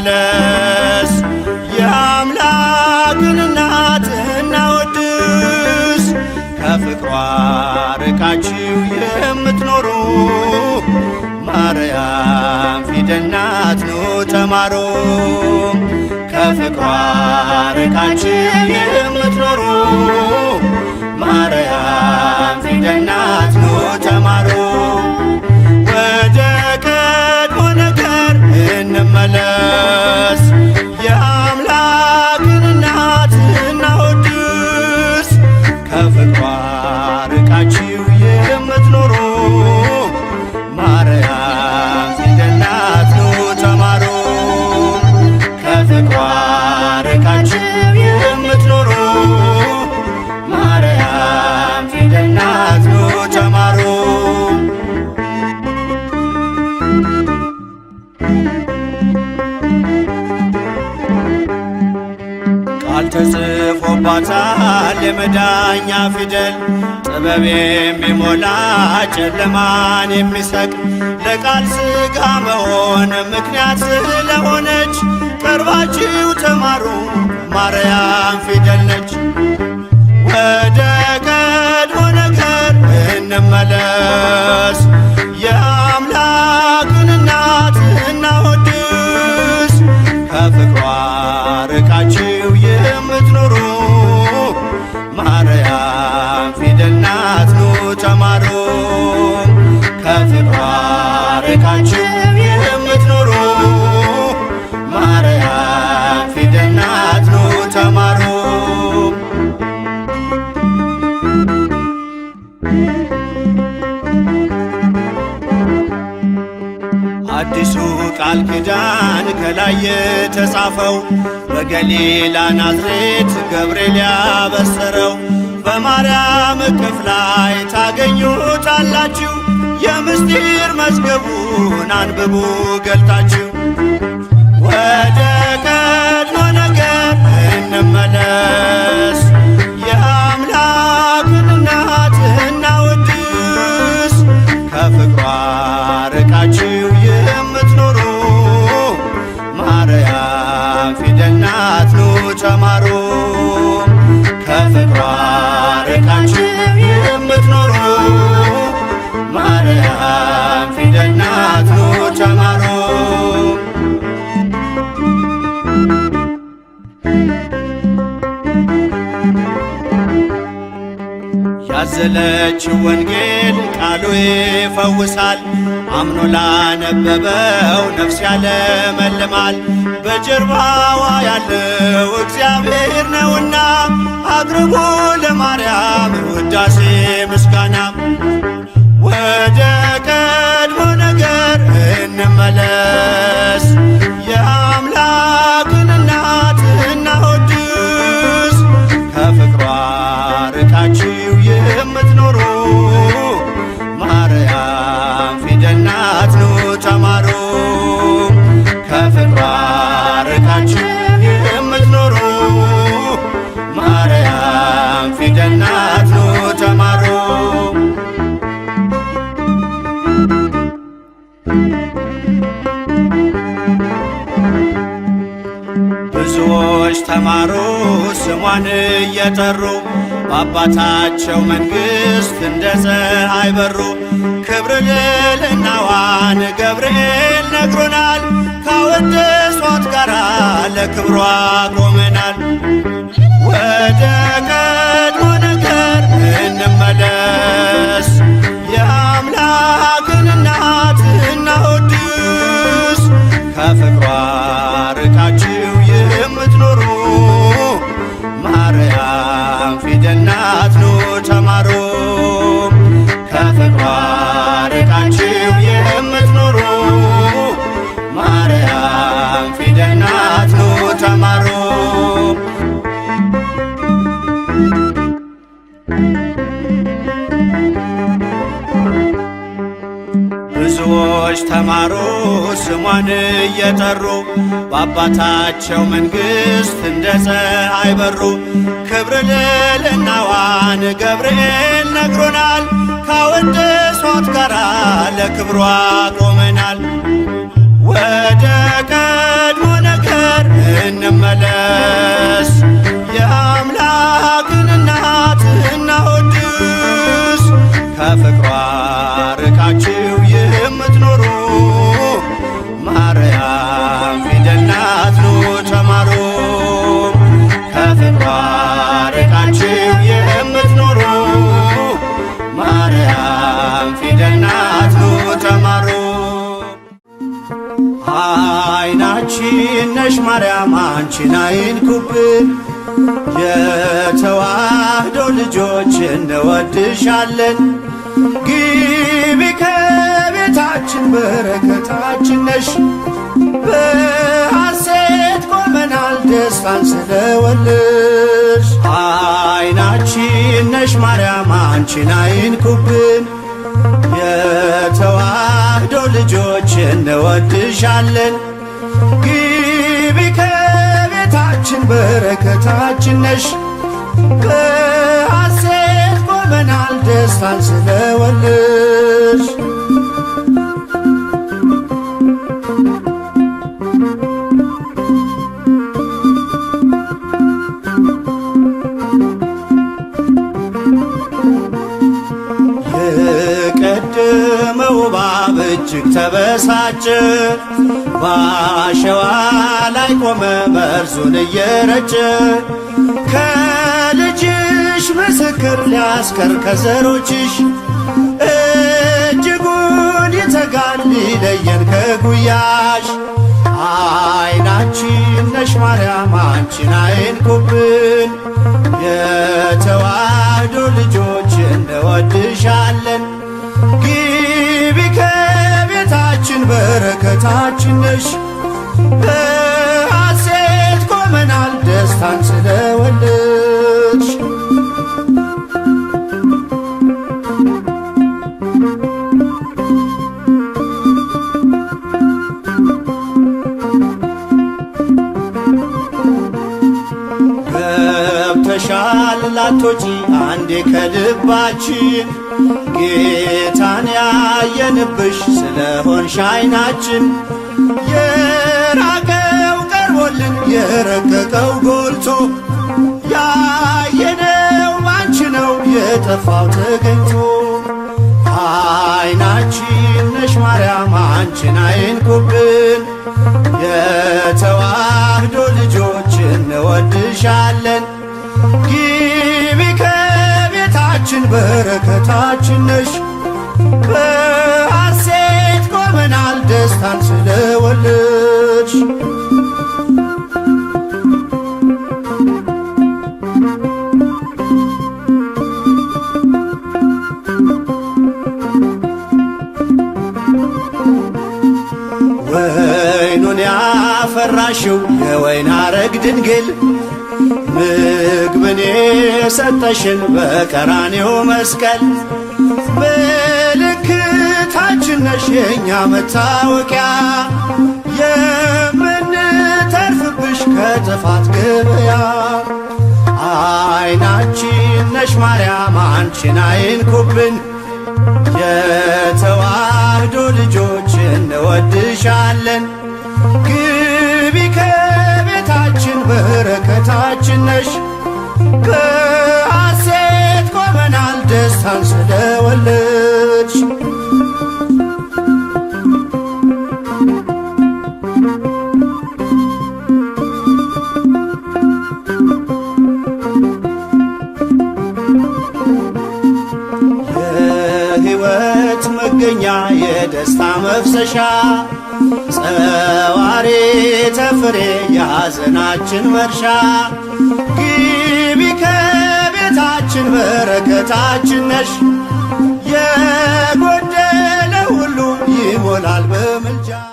እናነስ የአምላክን እናት እናወድስ ከፍቅሯ ርቃችሁ የምትኖሩ ማርያም ፊደናት ኑ ተማሩ ከፍቅሯ ርቃችሁ የምትኖሩ ማርያም ፊደናት ኑ ተማሩ ቃል ተጽፎባታል የመዳኛ ፊደል ጥበብ የሚሞላ ጨለማን የሚሰቅ ለቃል ሥጋ መሆን ምክንያት ስለሆነች ቀርባችሁ ተማሩ ማርያም ፊደል ነች። አዲሱ ቃል ኪዳን ከላይ የተጻፈው በገሊላ ናዝሬት ገብርኤል ያበሰረው በማርያም እቅፍ ላይ ታገኙታላችሁ። የምስጢር መዝገቡን አንብቡ ገልጣችሁ ተማሩ ከፍቅሯ ርቃችሁ የምትኖሩ ማርያም ፊደል ናት ተማሩ ያዘለች ወንጌል ቃሉ ይፈውሳል አምኖ ላነበበው ነፍስ ያለመልማል በጀርባዋ ያለው እግዚአብሔር ነውና አቅርቡ ለማርያም ውዳሴ ምስጋና። ወደ ቀድሞ ነገር እንመለስ። የአምላክን እናት እናወድስ። ከፍቅሯ ርቃችሁ የምትኖሩ ማርያም ፊደናት ኑ ተማሩ። ብዙዎች ተማሩ ስሟን እየጠሩ በአባታቸው መንግሥት እንደ ፀሐይ በሩ። ክብር ልዕልናዋን ገብርኤል ነግሮናል፣ ካወደሷት ጋራ ለክብሯ ቆመናል ወደ አትኑ ተማሩ ከፍቅሯ ርቃችሁ የምትኖሩ ማርያም ፊደል ኑ ተማሩ ብዙዎች ተማሩ ስሟን እየጠሩ በአባታቸው መንግሥት እንደ ፀሐይ በሩ ክብር ልዕልናዋን ገብርኤል ነግሮናል። ካወደሷት ጋራ ለክብሯ ቆመናል። ወደ ቀድሞ ነገር እንመለስ። ነሽ ማርያም አንቺን አይንኩብን የተዋህዶ ልጆች እንወድሻለን። ግቢ ከቤታችን በረከታችን ነሽ። በሐሴት ቆመናል ደስታን ስለወለድሽ። አይናችን ነሽ ማርያም አንቺን አይንኩብን የተዋህዶ ልጆች እንወድሻለን። ችን በረከታችን ነሽ። ከሐሴት ቆመናል ደስታን ስለወልድ በአሸዋ ላይ ቆመ መርዙን እየረጨ ከልጅሽ ምስክር ሊያስከር ከዘሮችሽ እጅጉን ይተጋል ሊለየን ከጉያሽ አይናችን ነሽ ማርያም አንቺን አይንኩብን የተዋህዶ ልጆች እንወድሻለን በረከታችን ነሽ። በሐሴት ቆመናል ደስታን ስለወለድሽ ገብተሻል ላቶጪ አንዴ ከልባችን ጌታን ያየንብሽ ስለሆንሽ አይናችን የራቀው ቀርቦልን የረቀቀው ጎልቶ ያየነው ባንቺ ነው የጠፋው ተገኝቶ አይናችን ነሽ ማርያም አንችን አይን አይንኩብን የተዋህዶ ልጆች እንወድሻለን ሀገራችን በረከታችን ነሽ። በሐሴት ቆመናል ደስታን ስለወለድሽ ወይኑን ያፈራሽው የወይን አረግ ድንግል ምግብን የሰጠሽን በቀራኔው መስቀል ምልክታችን ነሽ የእኛ መታወቂያ የምንተርፍብሽ ከጥፋት ገበያ አይናችን ነሽ ማርያም አንቺን አይንኩብን የተዋህዶ ልጆች እንወድሻለን ግን በረከታችን ነሽ ከሐሴት ቆመናል ደስታን ስለወለ የደስታ መፍሰሻ ጸዋሪ ተፍሬ የሐዘናችን መርሻ ግቢ ከቤታችን በረከታችን ነሽ የጎደለ ሁሉ ይሞላል በምልጃ